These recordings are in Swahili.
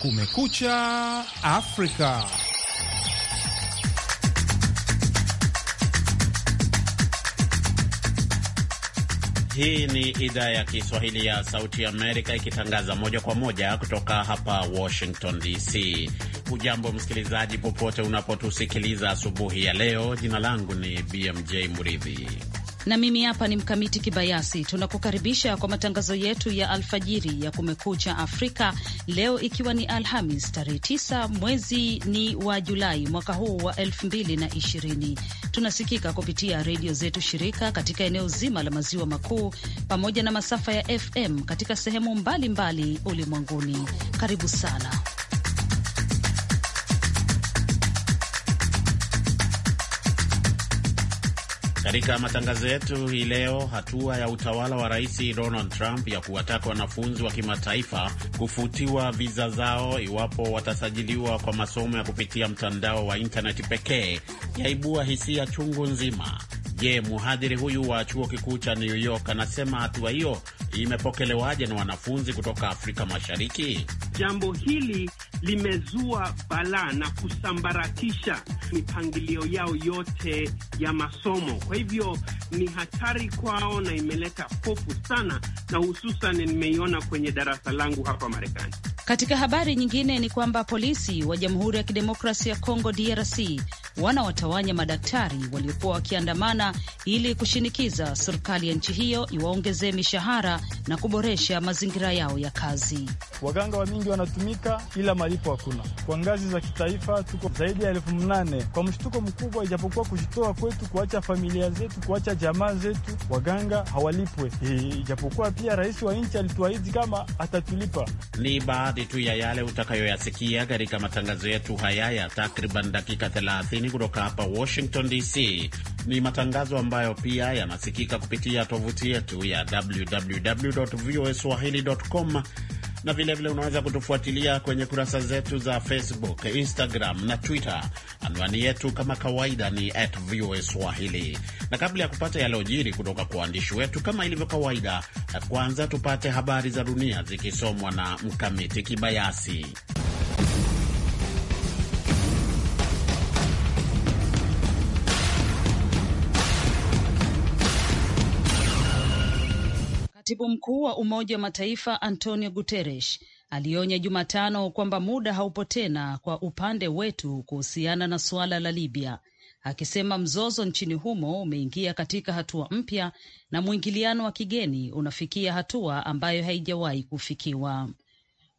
Kumekucha Afrika. Hii ni idhaa ya Kiswahili ya Sauti ya Amerika ikitangaza moja kwa moja kutoka hapa Washington DC. Hujambo msikilizaji, popote unapotusikiliza asubuhi ya leo. Jina langu ni BMJ Muridhi na mimi hapa ni Mkamiti Kibayasi. Tunakukaribisha kwa matangazo yetu ya alfajiri ya Kumekucha Afrika leo ikiwa ni Alhamis tarehe 9 mwezi ni wa Julai mwaka huu wa 2020. Tunasikika kupitia redio zetu shirika katika eneo zima la maziwa makuu pamoja na masafa ya FM katika sehemu mbalimbali ulimwenguni. Karibu sana. Katika matangazo yetu hii leo, hatua ya utawala wa Rais Donald Trump ya kuwataka wanafunzi wa kimataifa kufutiwa viza zao iwapo watasajiliwa kwa masomo ya kupitia mtandao wa intaneti pekee yaibua hisia chungu nzima. Je, mhadhiri huyu wa chuo kikuu cha New York anasema hatua hiyo imepokelewaje na wanafunzi kutoka Afrika Mashariki? Jambo hili limezua balaa na kusambaratisha mipangilio yao yote ya masomo. Kwa hivyo ni hatari kwao na imeleta hofu sana, na hususan nimeiona kwenye darasa langu hapa Marekani. Katika habari nyingine ni kwamba polisi wa Jamhuri ya Kidemokrasia ya Kongo DRC wanawatawanya madaktari waliokuwa wakiandamana ili kushinikiza serikali ya nchi hiyo iwaongezee mishahara na kuboresha mazingira yao ya kazi. Waganga wa mingi wanatumika ila malipo hakuna. Kwa ngazi za kitaifa tuko zaidi ya elfu mnane kwa mshtuko mkubwa, ijapokuwa kujitoa kwetu kuacha familia zetu kuacha jamaa zetu, waganga hawalipwe eh, ijapokuwa pia rais wa nchi alituahidi kama atatulipa. Ni baadhi tu ya yale utakayoyasikia katika matangazo yetu haya ya takriban dakika 30 kutoka hapa Washington DC. Ni matangazo ambayo pia yanasikika kupitia tovuti yetu ya www voa swahili com na vilevile unaweza kutufuatilia kwenye kurasa zetu za Facebook, Instagram na Twitter. Anwani yetu kama kawaida ni at VOA Swahili. Na kabla ya kupata yaliyojiri kutoka kwa waandishi wetu, kama ilivyo kawaida, kwanza tupate habari za dunia zikisomwa na Mkamiti Kibayasi. Katibu mkuu wa Umoja wa Mataifa Antonio Guterres alionya Jumatano kwamba muda haupo tena kwa upande wetu kuhusiana na suala la Libya, akisema mzozo nchini humo umeingia katika hatua mpya na mwingiliano wa kigeni unafikia hatua ambayo haijawahi kufikiwa.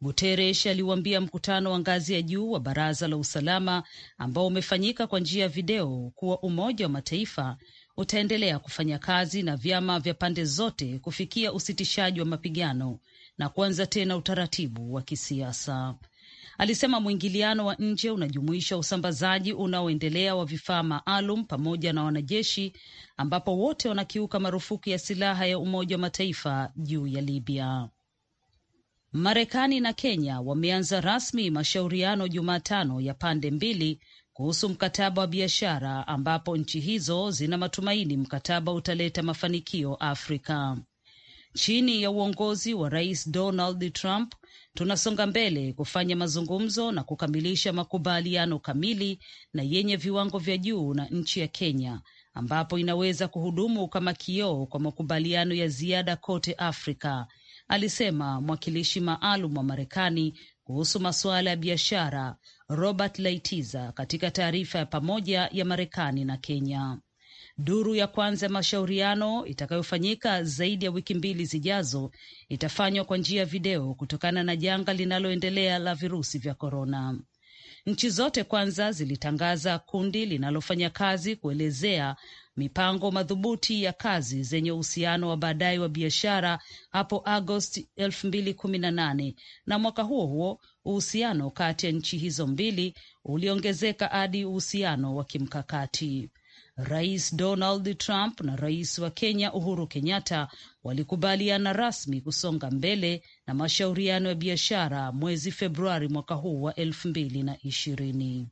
Guterres aliuambia mkutano wa ngazi ya juu wa Baraza la Usalama ambao umefanyika kwa njia ya video kuwa Umoja wa Mataifa utaendelea kufanya kazi na vyama vya pande zote kufikia usitishaji wa mapigano na kuanza tena utaratibu wa kisiasa. Alisema mwingiliano wa nje unajumuisha usambazaji unaoendelea wa vifaa maalum pamoja na wanajeshi, ambapo wote wanakiuka marufuku ya silaha ya Umoja wa Mataifa juu ya Libya. Marekani na Kenya wameanza rasmi mashauriano Jumatano ya pande mbili kuhusu mkataba wa biashara ambapo nchi hizo zina matumaini mkataba utaleta mafanikio Afrika. Chini ya uongozi wa Rais Donald Trump, tunasonga mbele kufanya mazungumzo na kukamilisha makubaliano kamili na yenye viwango vya juu na nchi ya Kenya ambapo inaweza kuhudumu kama kioo kwa makubaliano ya ziada kote Afrika, alisema mwakilishi maalum wa Marekani kuhusu masuala ya biashara Robert Laitiza katika taarifa ya pamoja ya Marekani na Kenya. Duru ya kwanza ya mashauriano itakayofanyika zaidi ya wiki mbili zijazo itafanywa kwa njia ya video kutokana na janga linaloendelea la virusi vya korona. Nchi zote kwanza zilitangaza kundi linalofanya kazi kuelezea mipango madhubuti ya kazi zenye uhusiano wa baadaye wa biashara hapo Agosti 2018 na mwaka huo huo uhusiano kati ya nchi hizo mbili uliongezeka hadi uhusiano wa kimkakati. Rais Donald Trump na rais wa Kenya Uhuru Kenyatta walikubaliana rasmi kusonga mbele na mashauriano ya biashara mwezi Februari mwaka huu wa elfu mbili na ishirini.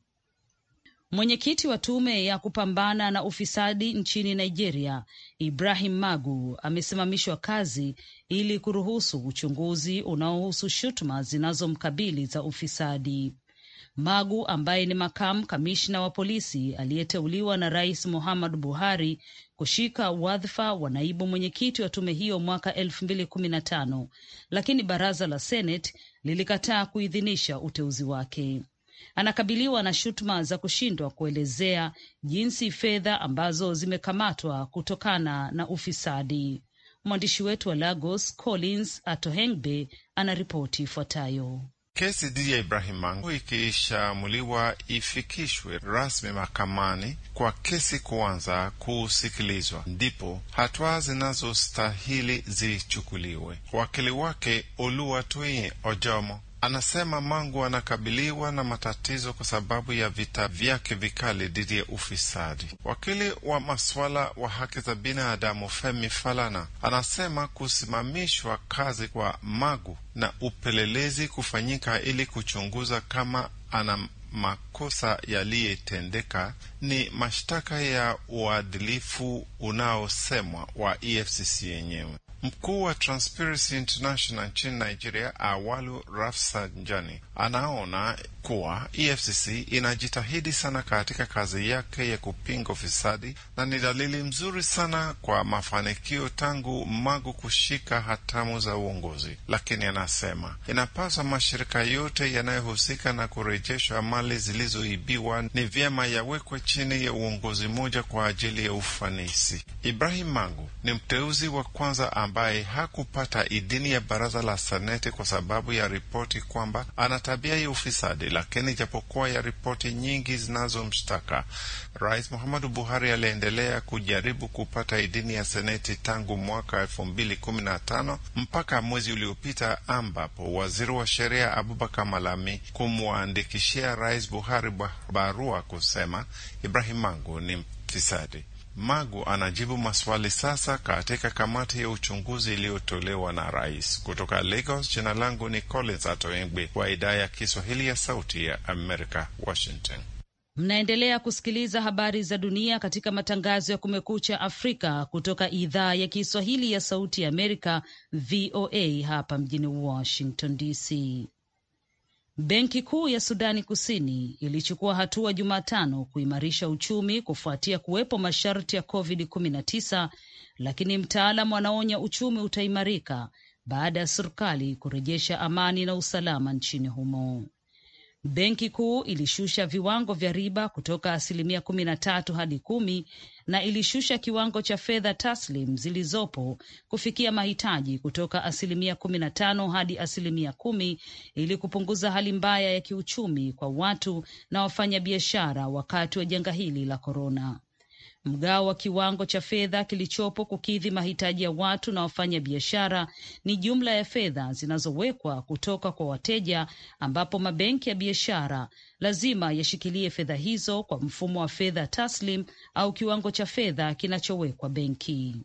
Mwenyekiti wa tume ya kupambana na ufisadi nchini Nigeria, Ibrahim Magu, amesimamishwa kazi ili kuruhusu uchunguzi unaohusu shutuma zinazomkabili za ufisadi. Magu ambaye ni makamu kamishna wa polisi aliyeteuliwa na Rais Muhammadu Buhari kushika wadhifa wa naibu mwenyekiti wa tume hiyo mwaka elfu mbili kumi na tano, lakini baraza la Seneti lilikataa kuidhinisha uteuzi wake anakabiliwa na shutuma za kushindwa kuelezea jinsi fedha ambazo zimekamatwa kutokana na ufisadi. Mwandishi wetu wa Lagos Collins Atohengbe anaripoti ifuatayo. Kesi dhidi ya Ibrahim Mangu ikishamuliwa ifikishwe rasmi mahakamani kwa kesi kuanza kusikilizwa, ndipo hatua zinazostahili zichukuliwe. Wakili wake Oluwatoyin Ojomo Anasema Mangu anakabiliwa na matatizo kwa sababu ya vita vyake vikali dhidi ya ufisadi. Wakili wa masuala wa haki za binadamu Femi Falana anasema kusimamishwa kazi kwa Magu na upelelezi kufanyika ili kuchunguza kama ana makosa yaliyetendeka ni mashtaka ya uadilifu unaosemwa wa EFCC yenyewe. Mkuu wa Transparency International nchini Nigeria, Awalu Rafsanjani, anaona kuwa EFCC inajitahidi sana katika kazi yake ya kupinga ufisadi na ni dalili mzuri sana kwa mafanikio tangu Magu kushika hatamu za uongozi. Lakini anasema inapaswa mashirika yote yanayohusika na kurejeshwa mali zilizoibiwa ni vyema yawekwe chini ya uongozi mmoja kwa ajili ya ufanisi. Ibrahim Magu ni mteuzi wa kwanza ambaye hakupata idhini ya baraza la seneti kwa sababu ya ripoti kwamba ana tabia ya ufisadi, lakini japokuwa ya ripoti nyingi zinazomshtaka, Rais Muhammadu Buhari aliendelea kujaribu kupata idhini ya seneti tangu mwaka elfu mbili kumi na tano mpaka mwezi uliopita ambapo waziri wa sheria Abubakar Malami kumwandikishia Rais Buhari barua kusema Ibrahim Mangu ni mfisadi. Magu anajibu maswali sasa katika kamati ya uchunguzi iliyotolewa na rais. Kutoka Lagos, jina langu ni Collins Atoengbe kwa idhaa ya Kiswahili ya Sauti ya Amerika, Washington. Mnaendelea kusikiliza habari za dunia katika matangazo ya Kumekucha Afrika kutoka idhaa ya Kiswahili ya Sauti ya Amerika, VOA hapa mjini Washington DC. Benki Kuu ya Sudani Kusini ilichukua hatua Jumatano kuimarisha uchumi kufuatia kuwepo masharti ya COVID-19, lakini mtaalamu anaonya uchumi utaimarika baada ya serikali kurejesha amani na usalama nchini humo. Benki Kuu ilishusha viwango vya riba kutoka asilimia kumi na tatu hadi kumi na ilishusha kiwango cha fedha taslim zilizopo kufikia mahitaji kutoka asilimia kumi na tano hadi asilimia kumi ili kupunguza hali mbaya ya kiuchumi kwa watu na wafanyabiashara wakati wa janga hili la korona. Mgao wa kiwango cha fedha kilichopo kukidhi mahitaji ya watu na wafanya biashara ni jumla ya fedha zinazowekwa kutoka kwa wateja, ambapo mabenki ya biashara lazima yashikilie fedha hizo kwa mfumo wa fedha taslim au kiwango cha fedha kinachowekwa benki.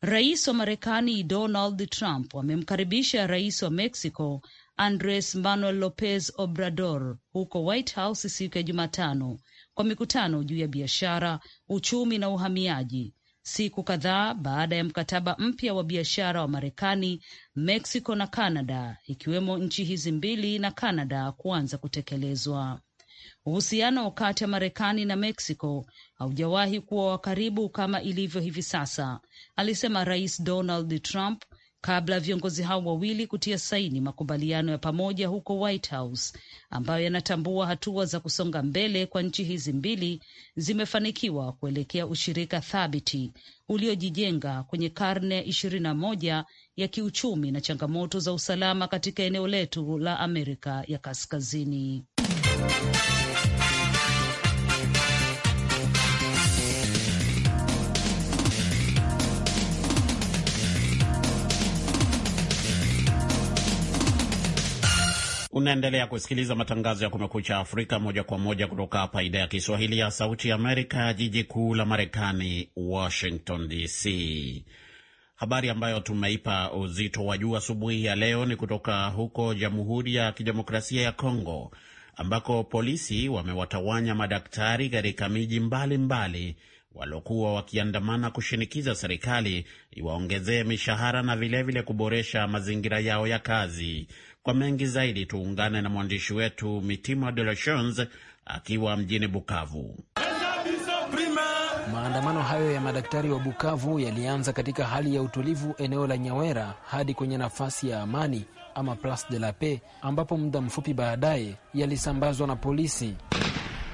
Rais wa Marekani Donald Trump amemkaribisha rais wa Mexico Andres Manuel Lopez Obrador huko White House siku ya Jumatano kwa mikutano juu ya biashara, uchumi na uhamiaji, siku kadhaa baada ya mkataba mpya wa biashara wa Marekani, Mexico na Canada, ikiwemo nchi hizi mbili na Canada kuanza kutekelezwa. Uhusiano kati ya Marekani na Mexico haujawahi kuwa wa karibu kama ilivyo hivi sasa, alisema Rais Donald Trump kabla ya viongozi hao wawili kutia saini makubaliano ya pamoja huko White House ambayo yanatambua hatua za kusonga mbele kwa nchi hizi mbili zimefanikiwa kuelekea ushirika thabiti uliojijenga kwenye karne ya ishirini na moja ya kiuchumi na changamoto za usalama katika eneo letu la Amerika ya Kaskazini. Unaendelea kusikiliza matangazo ya Kumekucha Afrika moja kwa moja kutoka hapa idhaa ya Kiswahili ya Sauti ya Amerika, jiji kuu la Marekani, Washington DC. Habari ambayo tumeipa uzito wa juu asubuhi ya leo ni kutoka huko Jamhuri ya Kidemokrasia ya Kongo ambako polisi wamewatawanya madaktari katika miji mbalimbali waliokuwa wakiandamana kushinikiza serikali iwaongezee mishahara na vilevile vile kuboresha mazingira yao ya kazi. Kwa mengi zaidi tuungane na mwandishi wetu Mitima De La akiwa mjini Bukavu. Maandamano hayo ya madaktari wa Bukavu yalianza katika hali ya utulivu eneo la Nyawera hadi kwenye nafasi ya Amani ama Place de la Paix, ambapo muda mfupi baadaye yalisambazwa na polisi.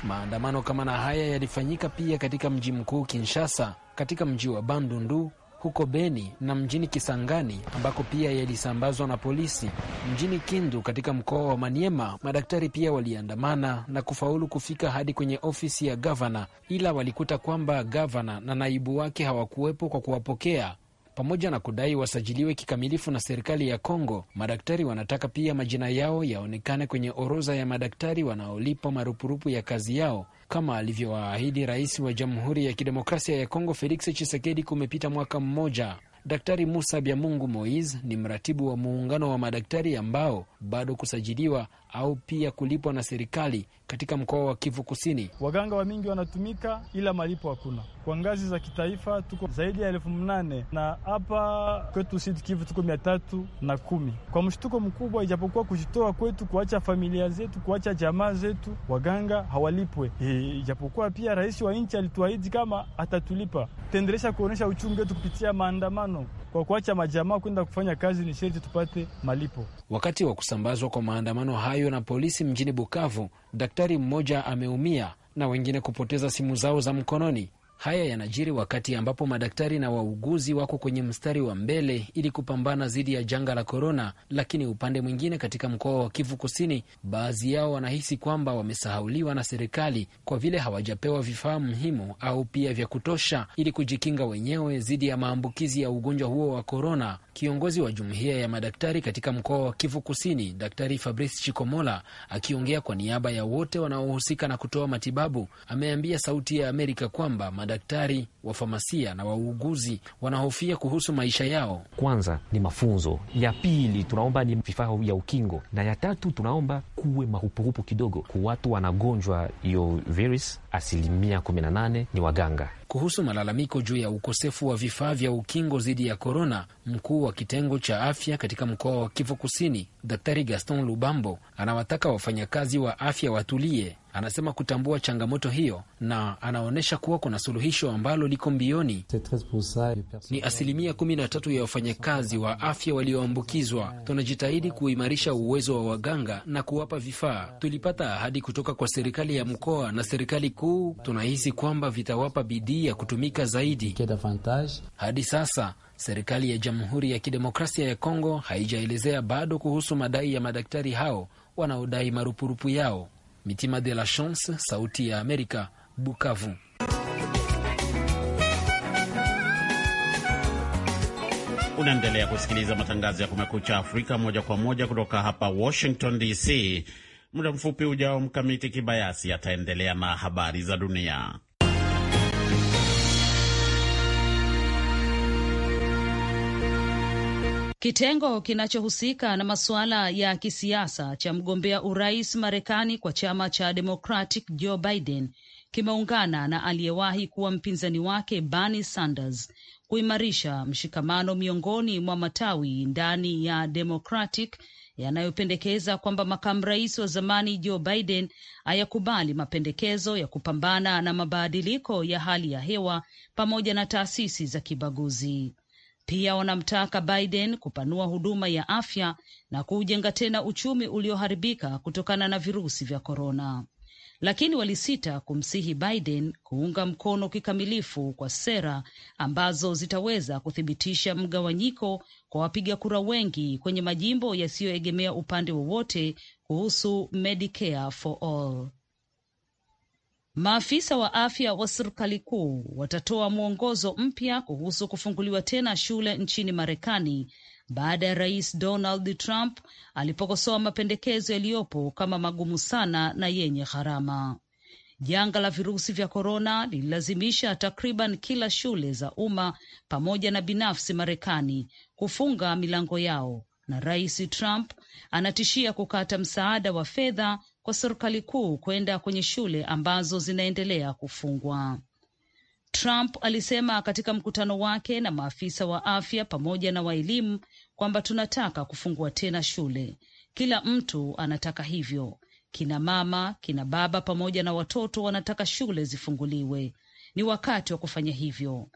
Maandamano kama na haya yalifanyika pia katika mji mkuu Kinshasa, katika mji wa Bandundu huko Beni na mjini Kisangani ambako pia yalisambazwa na polisi. Mjini Kindu katika mkoa wa Maniema, madaktari pia waliandamana na kufaulu kufika hadi kwenye ofisi ya gavana, ila walikuta kwamba gavana na naibu wake hawakuwepo kwa kuwapokea. Pamoja na kudai wasajiliwe kikamilifu na serikali ya Kongo, madaktari wanataka pia majina yao yaonekane kwenye orodha ya madaktari wanaolipwa marupurupu ya kazi yao kama alivyowaahidi rais wa Jamhuri ya Kidemokrasia ya Kongo Felix Tshisekedi. Kumepita mwaka mmoja. Daktari Musa Byamungu Moise ni mratibu wa muungano wa madaktari ambao bado kusajiliwa au pia kulipwa na serikali katika mkoa wa Kivu Kusini. Waganga wa mingi wanatumika ila malipo hakuna. Kwa ngazi za kitaifa tuko zaidi ya elfu mnane na hapa kwetu Sud Kivu tuko mia tatu na kumi. Kwa mshtuko mkubwa, ijapokuwa kujitoa kwetu kuacha familia zetu kuacha jamaa zetu, waganga hawalipwe e, ijapokuwa pia rais wa nchi alituahidi kama atatulipa. Tutaendelesha kuonyesha uchungu wetu kupitia maandamano kwa kuacha majamaa kwenda kufanya kazi, ni sherti tupate malipo. Wakati wa kusambazwa kwa maandamano hayo hayo na polisi mjini Bukavu, daktari mmoja ameumia na wengine kupoteza simu zao za mkononi Haya yanajiri wakati ambapo madaktari na wauguzi wako kwenye mstari wa mbele ili kupambana dhidi ya janga la korona, lakini upande mwingine, katika mkoa wa Kivu Kusini, baadhi yao wanahisi kwamba wamesahauliwa na serikali kwa vile hawajapewa vifaa muhimu au pia vya kutosha ili kujikinga wenyewe dhidi ya maambukizi ya ugonjwa huo wa korona. Kiongozi wa jumuiya ya madaktari katika mkoa wa Kivu Kusini, Daktari Fabrice Chikomola, akiongea kwa niaba ya wote wanaohusika na kutoa matibabu, ameambia Sauti ya Amerika kwamba madaktari wa famasia na wauguzi wanahofia kuhusu maisha yao. Kwanza ni mafunzo, ya pili tunaomba ni vifaa ya ukingo, na ya tatu tunaomba kuwe mahupuhupu kidogo ku watu wanagonjwa hiyo virus. Asilimia 18 ni waganga. Kuhusu malalamiko juu ya ukosefu wa vifaa vya ukingo dhidi ya korona, mkuu wa kitengo cha afya katika mkoa wa Kivu Kusini, Daktari Gaston Lubambo, anawataka wafanyakazi wa afya watulie anasema kutambua changamoto hiyo na anaonyesha kuwa kuna suluhisho ambalo liko mbioni. Ni asilimia kumi na tatu ya wafanyakazi wa afya walioambukizwa. Tunajitahidi kuimarisha uwezo wa waganga na kuwapa vifaa. Tulipata ahadi kutoka kwa serikali ya mkoa na serikali kuu, tunahisi kwamba vitawapa bidii ya kutumika zaidi. Hadi sasa serikali ya Jamhuri ya Kidemokrasia ya Kongo haijaelezea bado kuhusu madai ya madaktari hao wanaodai marupurupu yao. Mitima de la Chance, Sauti ya Amerika, Bukavu. Unaendelea kusikiliza matangazo ya Kumekucha Afrika moja kwa moja kutoka hapa Washington DC. Muda mfupi ujao, Mkamiti Kibayasi ataendelea na habari za dunia. Kitengo kinachohusika na masuala ya kisiasa cha mgombea urais Marekani kwa chama cha Democratic Joe Biden kimeungana na aliyewahi kuwa mpinzani wake Bernie Sanders kuimarisha mshikamano miongoni mwa matawi ndani ya Democratic yanayopendekeza kwamba makamu rais wa zamani Joe Biden hayakubali mapendekezo ya kupambana na mabadiliko ya hali ya hewa pamoja na taasisi za kibaguzi. Pia wanamtaka Biden kupanua huduma ya afya na kuujenga tena uchumi ulioharibika kutokana na virusi vya korona, lakini walisita kumsihi Biden kuunga mkono kikamilifu kwa sera ambazo zitaweza kuthibitisha mgawanyiko kwa wapiga kura wengi kwenye majimbo yasiyoegemea upande wowote kuhusu Medicare for All. Maafisa wa afya wa serikali kuu watatoa mwongozo mpya kuhusu kufunguliwa tena shule nchini Marekani baada ya Rais Donald Trump alipokosoa mapendekezo yaliyopo kama magumu sana na yenye gharama. Janga la virusi vya korona lililazimisha takriban kila shule za umma pamoja na binafsi Marekani kufunga milango yao na Rais Trump anatishia kukata msaada wa fedha kwa serikali kuu kwenda kwenye shule ambazo zinaendelea kufungwa. Trump alisema katika mkutano wake na maafisa wa afya pamoja na waelimu kwamba tunataka kufungua tena shule. Kila mtu anataka hivyo. Kina mama, kina baba pamoja na watoto wanataka shule zifunguliwe. Ni wakati wa kufanya hivyo.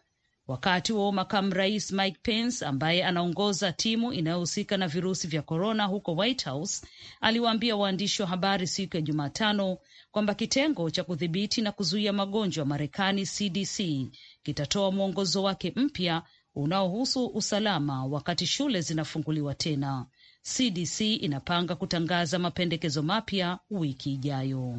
Wakati huo makamu rais Mike Pence ambaye anaongoza timu inayohusika na virusi vya korona huko White House aliwaambia waandishi wa habari siku ya Jumatano kwamba kitengo cha kudhibiti na kuzuia magonjwa Marekani, CDC, kitatoa mwongozo wake mpya unaohusu usalama wakati shule zinafunguliwa tena. CDC inapanga kutangaza mapendekezo mapya wiki ijayo.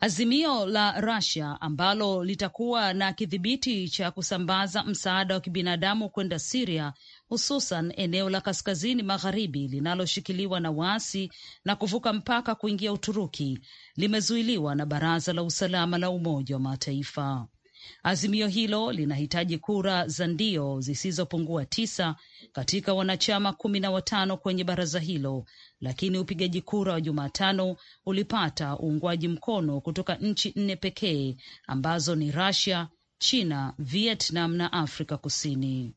Azimio la Russia ambalo litakuwa na kidhibiti cha kusambaza msaada wa kibinadamu kwenda Siria, hususan eneo la kaskazini magharibi linaloshikiliwa na waasi na kuvuka mpaka kuingia Uturuki, limezuiliwa na Baraza la Usalama la Umoja wa Mataifa. Azimio hilo linahitaji kura za ndio zisizopungua tisa katika wanachama kumi na watano kwenye baraza hilo, lakini upigaji kura wa Jumatano ulipata uungwaji mkono kutoka nchi nne pekee ambazo ni Russia, China, Vietnam na Afrika Kusini.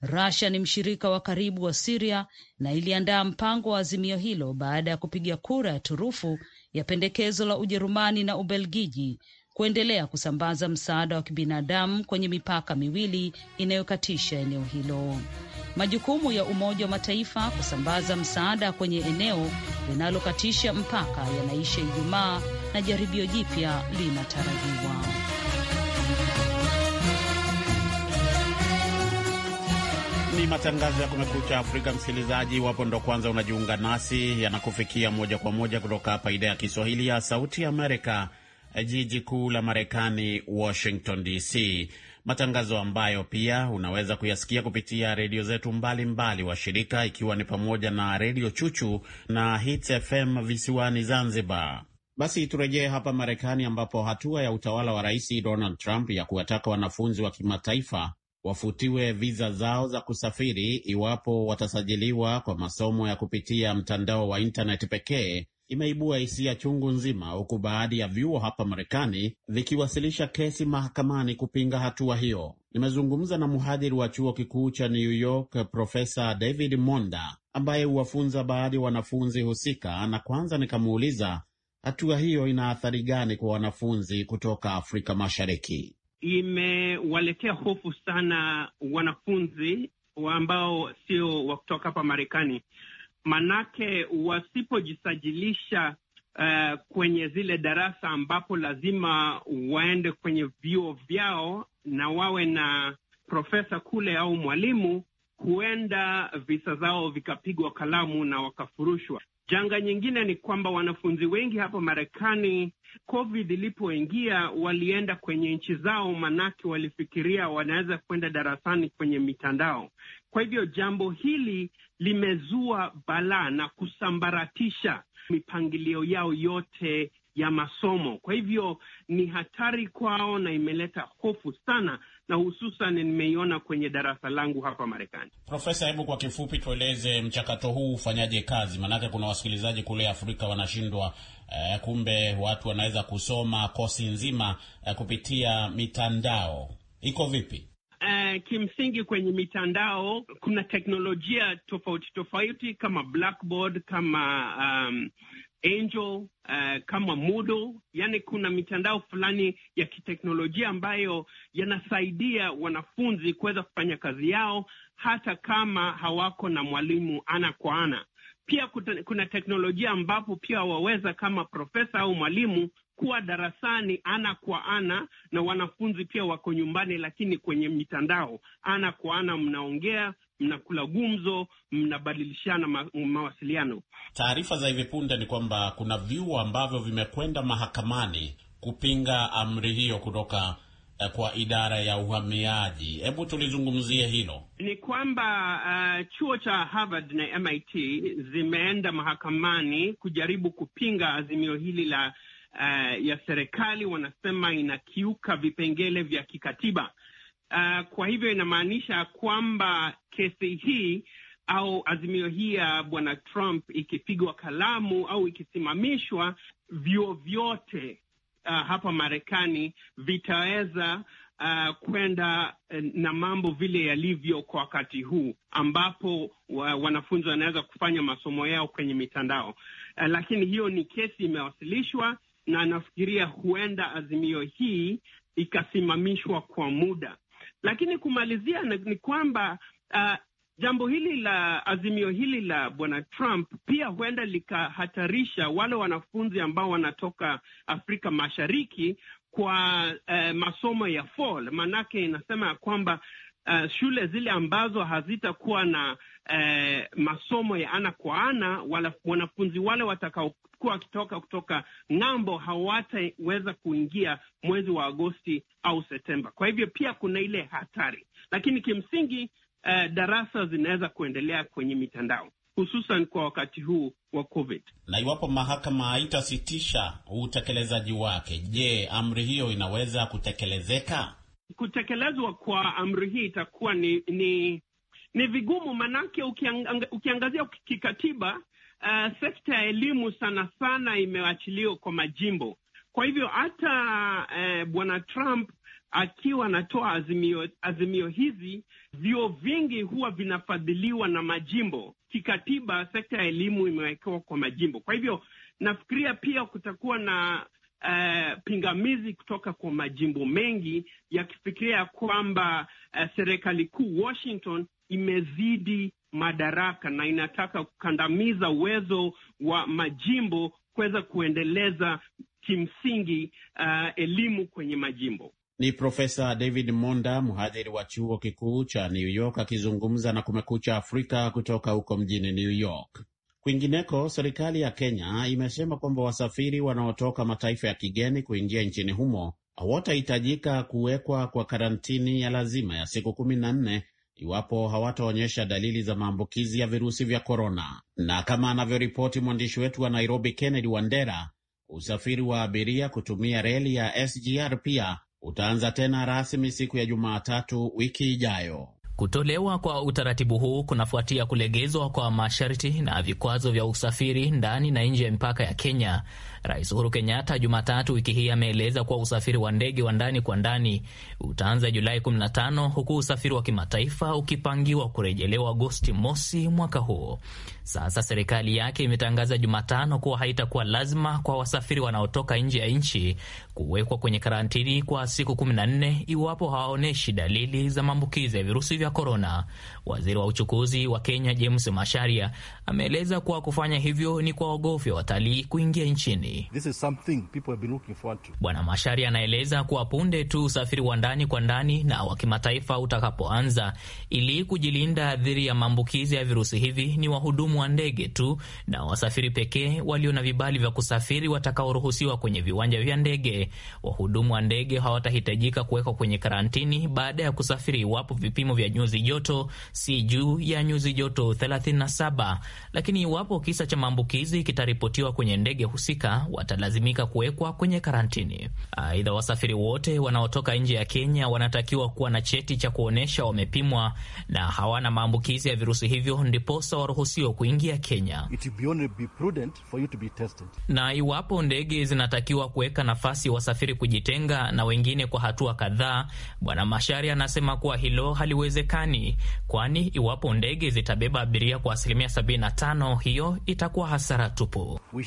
Russia ni mshirika wa karibu wa Siria na iliandaa mpango wa azimio hilo baada ya kupiga kura ya turufu ya pendekezo la Ujerumani na Ubelgiji kuendelea kusambaza msaada wa kibinadamu kwenye mipaka miwili inayokatisha eneo hilo. Majukumu ya Umoja wa Mataifa kusambaza msaada kwenye eneo linalokatisha mpaka yanaisha Ijumaa na jaribio jipya linatarajiwa. Ni matangazo ya Kumekucha Afrika, msikilizaji. Iwapo ndo kwanza unajiunga nasi, yanakufikia moja kwa moja kutoka hapa idhaa ya Kiswahili ya Sauti ya Amerika jiji kuu la Marekani, Washington DC, matangazo ambayo pia unaweza kuyasikia kupitia redio zetu mbalimbali wa shirika ikiwa ni pamoja na redio Chuchu na Hits FM visiwani Zanzibar. Basi turejee hapa Marekani, ambapo hatua ya utawala wa Rais Donald Trump ya kuwataka wanafunzi wa kimataifa wafutiwe viza zao za kusafiri iwapo watasajiliwa kwa masomo ya kupitia mtandao wa intaneti pekee imeibua hisia chungu nzima, huku baadhi ya vyuo hapa Marekani vikiwasilisha kesi mahakamani kupinga hatua hiyo. Nimezungumza na mhadhiri wa chuo kikuu cha New York Profesa David Monda ambaye huwafunza baadhi ya wanafunzi husika, na kwanza nikamuuliza hatua hiyo ina athari gani kwa wanafunzi kutoka Afrika Mashariki. Imewaletea hofu sana wanafunzi ambao sio wa kutoka hapa Marekani manake wasipojisajilisha uh, kwenye zile darasa ambapo lazima waende kwenye vyuo vyao na wawe na profesa kule au mwalimu, huenda visa zao vikapigwa kalamu na wakafurushwa. Janga nyingine ni kwamba wanafunzi wengi hapa Marekani, COVID ilipoingia, walienda kwenye nchi zao, manake walifikiria wanaweza kwenda darasani kwenye mitandao. Kwa hivyo jambo hili limezua balaa na kusambaratisha mipangilio yao yote ya masomo. Kwa hivyo ni hatari kwao na imeleta hofu sana, na hususan nimeiona kwenye darasa langu hapa Marekani. Profesa, hebu kwa kifupi tueleze mchakato huu ufanyaje kazi, maanake kuna wasikilizaji kule Afrika wanashindwa eh, kumbe watu wanaweza kusoma kosi nzima eh, kupitia mitandao. Iko vipi? Eh, kimsingi kwenye mitandao kuna teknolojia tofauti tofauti kama Blackboard, kama um, Angel uh, kama Moodle, yani kuna mitandao fulani ya kiteknolojia ambayo yanasaidia wanafunzi kuweza kufanya kazi yao hata kama hawako na mwalimu ana kwa ana. Pia kuna teknolojia ambapo pia waweza kama profesa au mwalimu kuwa darasani ana kwa ana na wanafunzi pia wako nyumbani, lakini kwenye mitandao ana kwa ana mnaongea mnakula gumzo, mnabadilishana ma mawasiliano. Taarifa za hivi punde ni kwamba kuna vyuo ambavyo vimekwenda mahakamani kupinga amri hiyo kutoka eh, kwa idara ya uhamiaji. Hebu tulizungumzie hilo. Ni kwamba uh, chuo cha Harvard na MIT zimeenda mahakamani kujaribu kupinga azimio hili la uh, ya serikali wanasema inakiuka vipengele vya kikatiba. Uh, kwa hivyo inamaanisha kwamba kesi hii au azimio hii ya bwana Trump ikipigwa kalamu au ikisimamishwa, vyuo vyote uh, eh, hapa Marekani vitaweza uh, kwenda na mambo vile yalivyo kwa wakati huu ambapo wa, wanafunzi wanaweza kufanya masomo yao kwenye mitandao uh, lakini hiyo ni kesi imewasilishwa na nafikiria huenda azimio hii ikasimamishwa kwa muda. Lakini kumalizia ni kwamba uh, jambo hili la azimio hili la bwana Trump pia huenda likahatarisha wale wanafunzi ambao wanatoka Afrika Mashariki kwa uh, masomo ya fall, maanake inasema ya kwamba Uh, shule zile ambazo hazitakuwa na uh, masomo ya ana kwa ana, wanafunzi wale watakao walikuwa wakitoka kutoka ng'ambo hawataweza kuingia mwezi wa Agosti au Septemba. Kwa hivyo pia kuna ile hatari, lakini kimsingi uh, darasa zinaweza kuendelea kwenye mitandao hususan kwa wakati huu wa COVID. Na iwapo mahakama haitasitisha utekelezaji wake, je, amri hiyo inaweza kutekelezeka? Kutekelezwa kwa amri hii itakuwa ni, ni ni vigumu, manake ukiang, ukiangazia kikatiba uh, sekta ya elimu sana sana imewachiliwa kwa majimbo. Kwa hivyo hata uh, bwana Trump akiwa anatoa azimio, azimio hizi, vyuo vingi huwa vinafadhiliwa na majimbo. Kikatiba sekta ya elimu imewekewa kwa majimbo, kwa hivyo nafikiria pia kutakuwa na Uh, pingamizi kutoka kwa majimbo mengi yakifikiria kwamba uh, serikali kuu Washington imezidi madaraka na inataka kukandamiza uwezo wa majimbo kuweza kuendeleza kimsingi uh, elimu kwenye majimbo. Ni Profesa David Monda, mhadhiri wa chuo kikuu cha New York akizungumza na Kumekucha Afrika kutoka huko mjini New York. Kwingineko, serikali ya Kenya imesema kwamba wasafiri wanaotoka mataifa ya kigeni kuingia nchini humo hawatahitajika kuwekwa kwa karantini ya lazima ya siku kumi na nne iwapo hawataonyesha dalili za maambukizi ya virusi vya korona. Na kama anavyoripoti mwandishi wetu wa Nairobi, Kennedy Wandera, usafiri wa abiria kutumia reli ya SGR pia utaanza tena rasmi siku ya Jumatatu wiki ijayo. Kutolewa kwa utaratibu huu kunafuatia kulegezwa kwa masharti na vikwazo vya usafiri ndani na nje ya mipaka ya Kenya. Rais Uhuru Kenyatta Jumatatu wiki hii ameeleza kuwa usafiri wa ndege wa ndani kwa ndani utaanza Julai 15 huku usafiri wa kimataifa ukipangiwa kurejelewa Agosti mosi mwaka huo. Sasa serikali yake imetangaza Jumatano kuwa haitakuwa lazima kwa wasafiri wanaotoka nje ya nchi kuwekwa kwenye karantini kwa siku 14 iwapo hawaoneshi dalili za maambukizi ya virusi vya korona. Waziri wa uchukuzi wa Kenya James Masharia ameeleza kuwa kufanya hivyo ni kwa kuwaogofya watalii kuingia nchini. Bwana Masharia anaeleza kuwa punde tu usafiri wa ndani kwa ndani na wa kimataifa utakapoanza, ili kujilinda dhidi ya maambukizi ya virusi hivi, ni wahudumu wa ndege tu na wasafiri pekee walio na vibali vya kusafiri watakaoruhusiwa kwenye viwanja vya ndege. Wahudumu wa ndege hawatahitajika kuwekwa kwenye karantini baada ya kusafiri iwapo vipimo vya nyuzi joto si juu ya nyuzi joto 37, lakini iwapo kisa cha maambukizi kitaripotiwa kwenye ndege husika watalazimika kuwekwa kwenye karantini. Aidha, wasafiri wote wanaotoka nje ya Kenya wanatakiwa kuwa na cheti cha kuonyesha wamepimwa na hawana maambukizi ya virusi hivyo, ndiposa waruhusiwa kuingia Kenya. Na iwapo ndege zinatakiwa kuweka nafasi wasafiri kujitenga na wengine kwa hatua kadhaa, Bwana Mashari anasema kuwa hilo haliwezekani haiwezekani, kwani iwapo ndege zitabeba abiria kwa asilimia 75, hiyo itakuwa hasara tupu. We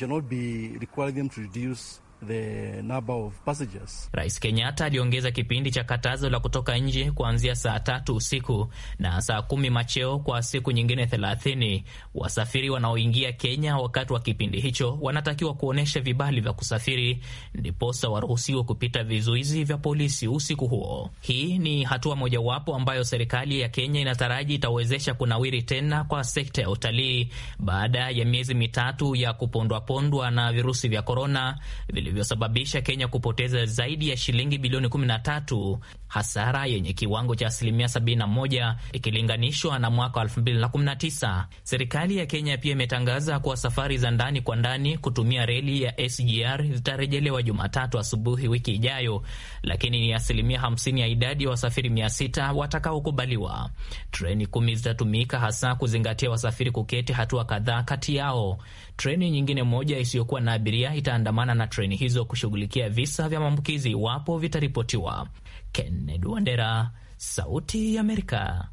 The number of passengers. Rais Kenyatta aliongeza kipindi cha katazo la kutoka nje kuanzia saa tatu usiku na saa kumi macheo kwa siku nyingine thelathini. Wasafiri wanaoingia Kenya wakati wa kipindi hicho wanatakiwa kuonyesha vibali vya kusafiri, ndiposa waruhusiwe kupita vizuizi vya polisi usiku huo. Hii ni hatua mojawapo ambayo serikali ya Kenya inataraji itawezesha kunawiri tena kwa sekta ya utalii baada ya miezi mitatu ya kupondwapondwa na virusi vya korona vilivyosababisha Kenya kupoteza zaidi ya shilingi bilioni 13, hasara yenye kiwango cha asilimia 71 ikilinganishwa na mwaka 2019. Serikali ya Kenya pia imetangaza kuwa safari za ndani kwa ndani kutumia reli ya SGR zitarejelewa Jumatatu asubuhi wiki ijayo, lakini ni asilimia 50 ya idadi ya wasafiri 600 watakaokubaliwa. Treni kumi zitatumika hasa kuzingatia wasafiri kuketi hatua kadhaa kati yao. Treni nyingine moja isiyokuwa na abiria itaandamana na treni hizo kushughulikia visa vya maambukizi iwapo vitaripotiwa. Kennedy Wandera, Sauti ya Amerika,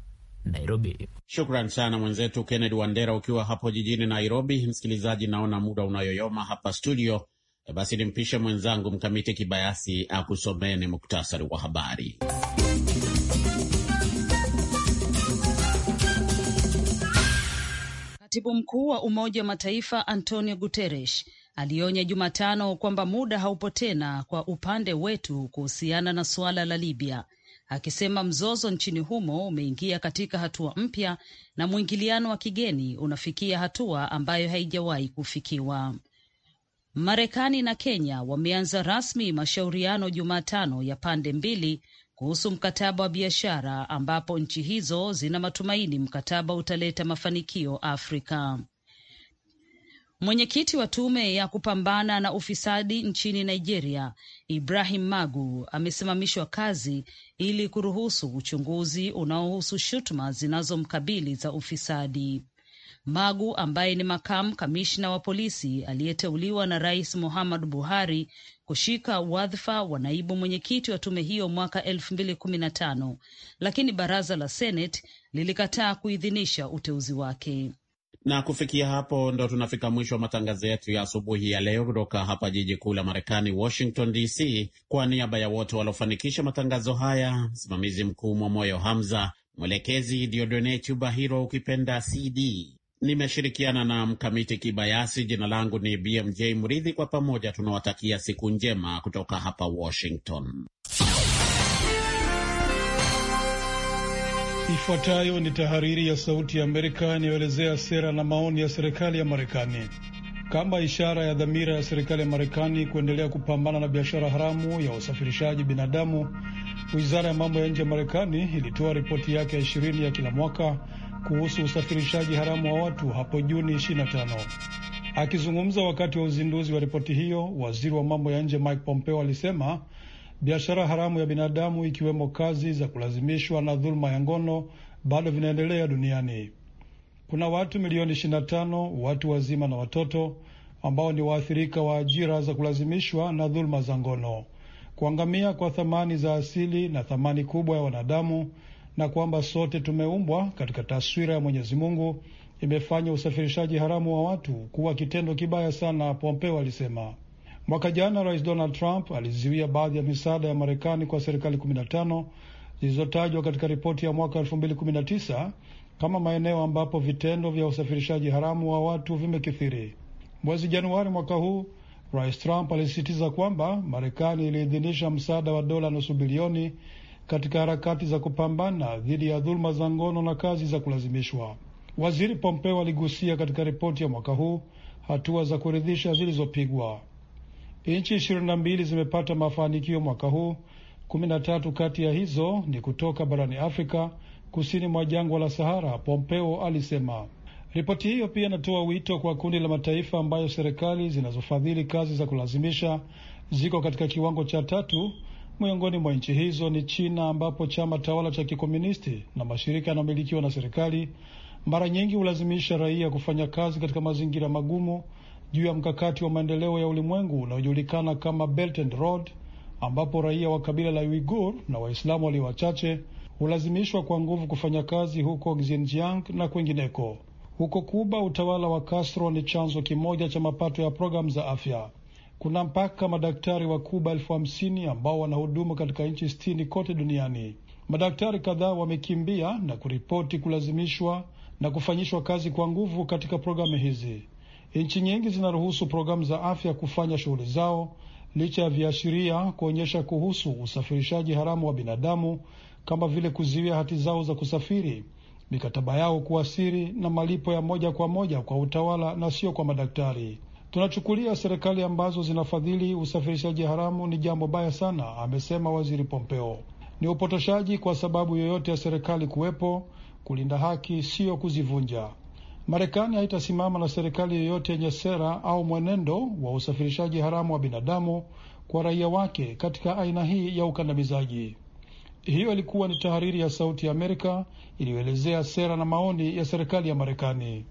Nairobi. Shukran sana mwenzetu Kennedy Wandera ukiwa hapo jijini Nairobi. Msikilizaji, naona muda unayoyoma hapa studio. E, basi nimpishe mwenzangu Mkamiti Kibayasi akusomee ni muktasari wa habari. Katibu Mkuu wa Umoja wa Mataifa Antonio Guterres alionya Jumatano kwamba muda haupo tena kwa upande wetu kuhusiana na suala la Libya, akisema mzozo nchini humo umeingia katika hatua mpya na mwingiliano wa kigeni unafikia hatua ambayo haijawahi kufikiwa. Marekani na Kenya wameanza rasmi mashauriano Jumatano ya pande mbili kuhusu mkataba wa biashara ambapo nchi hizo zina matumaini mkataba utaleta mafanikio Afrika. Mwenyekiti wa tume ya kupambana na ufisadi nchini Nigeria, Ibrahim Magu, amesimamishwa kazi ili kuruhusu uchunguzi unaohusu shutuma zinazomkabili za ufisadi. Magu ambaye ni makamu kamishna wa polisi aliyeteuliwa na Rais Muhammadu Buhari kushika wadhifa wa naibu mwenyekiti wa tume hiyo mwaka elfu mbili kumi na tano lakini baraza la Seneti lilikataa kuidhinisha uteuzi wake. Na kufikia hapo ndo tunafika mwisho wa matangazo yetu ya asubuhi ya leo kutoka hapa jiji kuu la Marekani, Washington DC. Kwa niaba ya wote waliofanikisha matangazo haya, msimamizi mkuu Mwamoyo Hamza, mwelekezi Diodone Chubahiro, ukipenda CD nimeshirikiana na Mkamiti Kibayasi. Jina langu ni BMJ Mridhi. Kwa pamoja tunawatakia siku njema kutoka hapa Washington. Ifuatayo ni tahariri ya Sauti ya Amerika inayoelezea sera na maoni ya serikali ya Marekani. Kama ishara ya dhamira ya serikali ya Marekani kuendelea kupambana na biashara haramu ya usafirishaji binadamu, wizara ya mambo ya nje ya Marekani ilitoa ripoti yake ya ishirini ya kila mwaka kuhusu usafirishaji haramu wa watu hapo Juni 25. Akizungumza wakati wa uzinduzi wa ripoti hiyo, waziri wa mambo ya nje Mike Pompeo alisema biashara haramu ya binadamu ikiwemo kazi za kulazimishwa na dhuluma ya ngono bado vinaendelea duniani. Kuna watu milioni 25, watu wazima na watoto, ambao ni waathirika wa ajira za kulazimishwa na dhuluma za ngono. Kuangamia kwa thamani za asili na thamani kubwa ya wanadamu na kwamba sote tumeumbwa katika taswira ya Mwenyezi Mungu imefanya usafirishaji haramu wa watu kuwa kitendo kibaya sana, Pompeo alisema. Mwaka jana Rais Donald Trump alizuia baadhi ya misaada ya Marekani kwa serikali 15 zilizotajwa katika ripoti ya mwaka 2019 kama maeneo ambapo vitendo vya usafirishaji haramu wa watu vimekithiri. Mwezi Januari mwaka huu Rais Trump alisisitiza kwamba Marekani iliidhinisha msaada wa dola nusu bilioni katika harakati za kupambana dhidi ya dhuluma za ngono na kazi za kulazimishwa. Waziri Pompeo aligusia katika ripoti ya mwaka huu hatua za kuridhisha zilizopigwa. Nchi ishirini na mbili zimepata mafanikio mwaka huu. Kumi na tatu kati ya hizo ni kutoka barani Afrika kusini mwa jangwa la Sahara, Pompeo alisema. Ripoti hiyo pia inatoa wito kwa kundi la mataifa ambayo serikali zinazofadhili kazi za kulazimisha ziko katika kiwango cha tatu Miongoni mwa nchi hizo ni China, ambapo chama tawala cha kikomunisti na mashirika yanayomilikiwa na serikali mara nyingi hulazimisha raia kufanya kazi katika mazingira magumu juu ya mkakati wa maendeleo ya ulimwengu unaojulikana kama Belt and Road, ambapo raia wa kabila la Uigur na Waislamu walio wachache hulazimishwa kwa nguvu kufanya kazi huko Xinjiang na kwingineko. Huko Kuba, utawala wa Castro ni chanzo kimoja cha mapato ya programu za afya kuna mpaka madaktari wa Kuba elfu hamsini ambao wanahudumu katika nchi sitini kote duniani. Madaktari kadhaa wamekimbia na kuripoti kulazimishwa na kufanyishwa kazi kwa nguvu katika programu hizi. Nchi nyingi zinaruhusu programu za afya kufanya shughuli zao licha ya viashiria kuonyesha kuhusu usafirishaji haramu wa binadamu kama vile kuzuia hati zao za kusafiri, mikataba yao kuwa siri na malipo ya moja kwa moja kwa utawala na sio kwa madaktari. Tunachukulia serikali ambazo zinafadhili usafirishaji haramu ni jambo baya sana, amesema waziri Pompeo. Ni upotoshaji kwa sababu yoyote ya serikali kuwepo. Kulinda haki siyo kuzivunja. Marekani haitasimama na serikali yoyote yenye sera au mwenendo wa usafirishaji haramu wa binadamu kwa raia wake katika aina hii ya ukandamizaji. Hiyo ilikuwa ni tahariri ya Sauti ya Amerika iliyoelezea sera na maoni ya serikali ya Marekani.